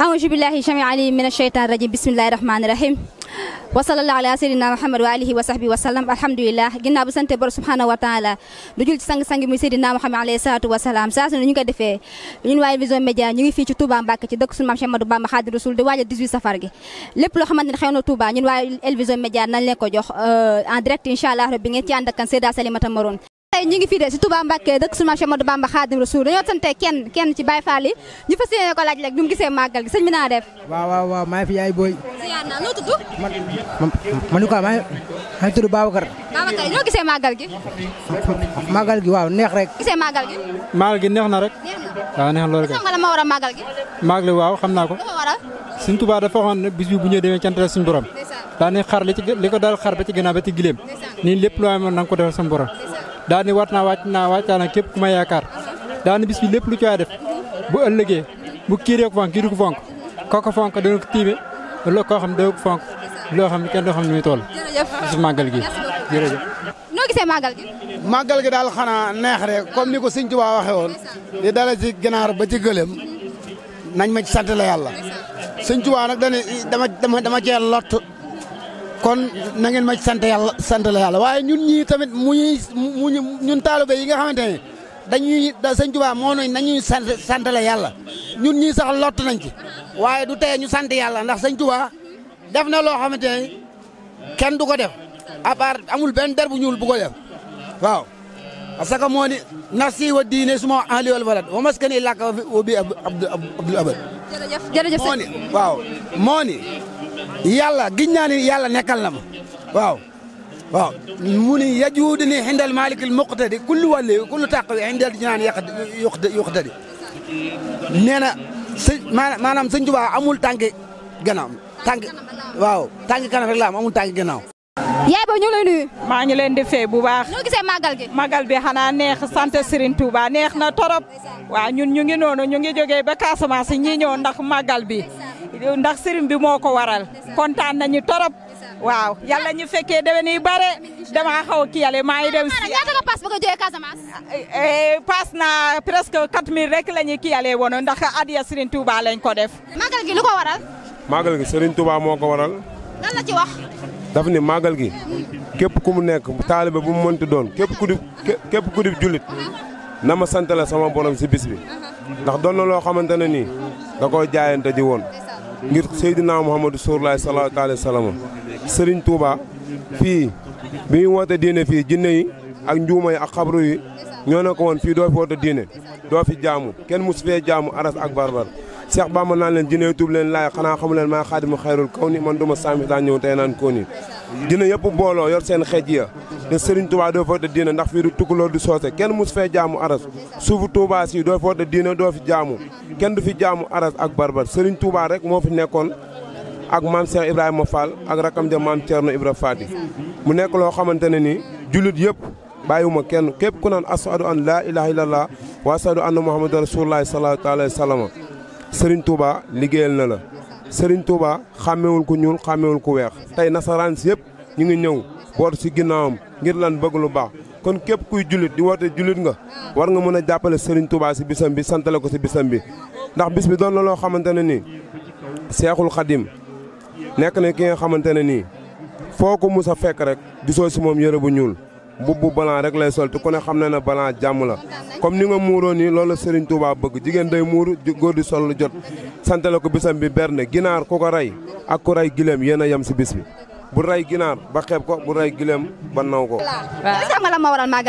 أعوذ بالله الشميع علي من الشيطان الرجيم بسم الله الرحمن الرحيم وصلى الله على سيدنا محمد وآله وصحبه وسلم الحمد لله جنا بسنت بر سبحانه وتعالى دجول سانغ سانغ مي سيدنا محمد عليه الصلاه والسلام ساس نيو كو ديفه ني نواي فيزون ميديا ني في تي توبا مباك تي دك سون مام شمدو بام خاد رسول دي واجا 18 سفر جي ليپ لو خامتني خيونا توبا ني نواي الفيزون ميديا نان لين كو جوخ ان ديريكت ان شاء الله ربي ني تي اندك سيدا سليمه تمرون tey ñu ngi fii de si Touba Mbacké dëkk su Maam Ahmadou Bamba Xaadim Rasuul dañoo sante kenn kenn ci Baye Fall yi ñu fas rek bi mu gisee màggal gi sëñ bi naa def waaw waaw waaw maa ngi fi yaay man man quoi maa ngi tudd gi màggal gi waaw neex rek gisee màggal gi gi neex na rek waaw neex na loolu kay xam nga la ma war a gi màggal gi waaw xam naa ko suñ Touba dafa waxoon ne bis bi bu ñëwee demee cantale suñu borom daa ne xar li ko daal xar ba ci gannaaw ba gileem nii lépp loo amoon na nga ko defal suñu borom daal ni war naa wàcc naa wàccaa nag képp ku ma yaakaar daal ni lépp lu ci waay def bu ëllëgee bu kii ko fonk kii du ko fonk kooku fonk dana ko tiime loo koo xam ne dana ko fonk loo xam ne kenn doo xam ne muy toll. jërëjëf màggal gi jërëjëf. noo gisee màggal gi. màggal gi daal xanaa neex rek comme ni ko Sëñ Tuubaa waxee woon di dala ci ginaar ba ji gëlëm nañ ma ci sant la yàlla Sëñ Tuubaa nag dama dama dama cee lott. kon na ngeen ma sant yàlla sant la yàlla waaye ñun ñii tamit mu ñuy ñun taalibe yi nga xamante ne dañuy sëñ moo nañ nañuy sant sant la yàlla ñun ñii sax lott nañ ci waaye du teye ñu sant yàlla ndax sëñ Tuubaa def na loo xamante ne kenn du ko def à part amul benn der bu ñuul bu ko def waaw parce que moo ni nafsi wa diine suma ahli wal walad wa maskani làkk wa bi abdu abdul abad jërëjëf jërëjëf moo ni waaw moo ni yàlla giñ naa ni yàlla nekkal na ma waaw waaw mu ni yajuudu ni xindal maalikil muqtadi kullu wàlli kullu tàq wi xindal jinaan yàq yuqtadi nee na sëñ maanaam sëñ Tuubaa amul tànki gannaaw tànki waaw tànki kanam rek la am amul tànki gannaaw yaay boobu ñu ngi lay maa ngi leen di fay bu baax. ñoo gisee màggal màggal bi xanaa neex sant Serigne Touba neex na torop. waaw ñun ñu ngi noonu ñu ngi jógee ba Casamance ñii ñëw ndax màggal bi. ndax sëriñ bi moo ko waral kontaan nañu torop waaw yàlla ñu fekkee déwén yu bare dama xaw a kii yàlla maa ngi dem. si nga paas ba nga jógee Casamance. Eh, eh, paas na presque 4000 rek la ñuy kii yàlla woon ndax adiya Serigne Touba lañ ko def. màggal gi lu ko waral. màggal gi Serigne Touba moo ko waral. lan la ci wax. daf ni màggal gi képp ku mu nekk taalibe bu mu mënti doon képp ku di képp ku di jullit na ma sant la sama borom si bis bi ndax doon na loo xamante ne nii da koo jaayante ji woon. ngir Seydina muhammad sallallahu alayhi wasallam Serigne Touba fi bi wote woote diine fii jinne yi ak njuuma ak xabru yi ñoo ko woon fii doo fi woote diine doo fi jaamu kenn musu jaamu aras ak barbar Seex Bamba naan jinne yi tuub leen laay xanaa xamu leen maa xaadimu man duma saami daa ñëw tey naan koo dina yëpp booloo yor seen xeej ya te Serigne Touba doo foote diina ndax fii du tukkuloor du soose kenn mus fee jaamu aras suufu Touba si doo foote diina doo fi jaamu kenn du fi jaamu aras ak barbar Serigne Touba rek moo fi nekkoon ak maam Cheikh Ibrahima Fall ak rakam ja maam Thierno Ibra Fati mu nekk loo xamante ne ni jullit yëpp ma kenn képp ku naan asadu an laa ilaha illallah wa asadu anna muhammadu rasulullahi sallallahu alayhi wa sallam Serigne liggéeyal na la Serigne Touba xàmmewul ku ñuul xàmmewul ku weex tey nasaraan si yëpp ñu ngi ñëw boot si ginnaawam ngir lan bëgg lu baax kon képp kuy jullit di woote jullit nga war nga mën a jàppale Serigne Touba si bisam bi santale ko si bisam bi ndax bis bi doon na loo xamante ne nii Seexul Xadim nekk na ki nga xamante ne nii foo ko mus a fekk rek gisoo si moom yére bu ñuul mbubbu balan rek lay sol te ku ne na ne balan jàmm la comme ni nga muuroo nii loolu Serigne Touba bëgg jigéen day muuru góor di sol jot sant la ko bisam bi berne ginaar ku ko rey ak ku rey gileem yéen a yem si bis bi bu rey ginaar ba xeeb ko bu rey gileem ba naw ko. waaw xam nga la ma moom.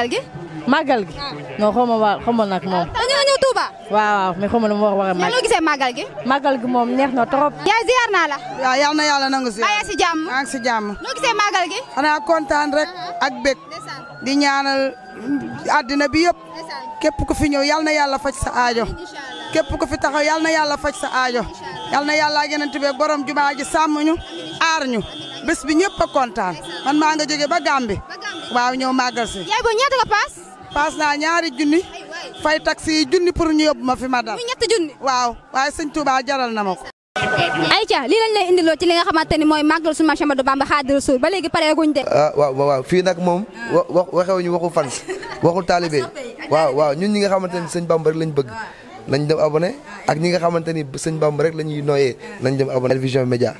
da ngeen a ñëw Touba. waaw waaw mais xaw ma lu ma war a màggal. loo gi. màggal gi moom neex na trop. yaay ziar naa la. waaw yal na yàlla nangu ziar. maa ngi si jàmm maa ngi si gi. xanaa kontaan di ñaanal àddina bi yëpp képp ku fi ñëw yal na yàlla faj sa aajo képp ku fi taxaw yal na yàlla faj sa aajo yal na yàlla genante be borom jumaa ji sàmm ñu aar ñu bés bi ñëpp a kontaan man maa nga jóge ba Gàmbi waaw ñëw màggal si. yaay booy ñaata nga paas. paas naa ñaari junni fay taxi yi junni pour ñu yóbbu ma fi ma dal. waaw waaye sëñ Touba jaral na ma ayca lii lañ lay indiloo ci li nga xamante ni mooy màggal su Maam Cheikh Ahmadou Bamba Xaadimu Rasuul ba léegi pare guñ de. Ah, waaw waaw fii nag moom. Ah. waxewuñu waxu fan waxu taalibe waaw waaw ñun ñi nga xamante ni sëñ Bamba rek lañ bëgg. nañ dem abonné ak ñi nga xamante ni sëñ Bamba rek la ñuy nooyee nañ dem abonné Elvision Média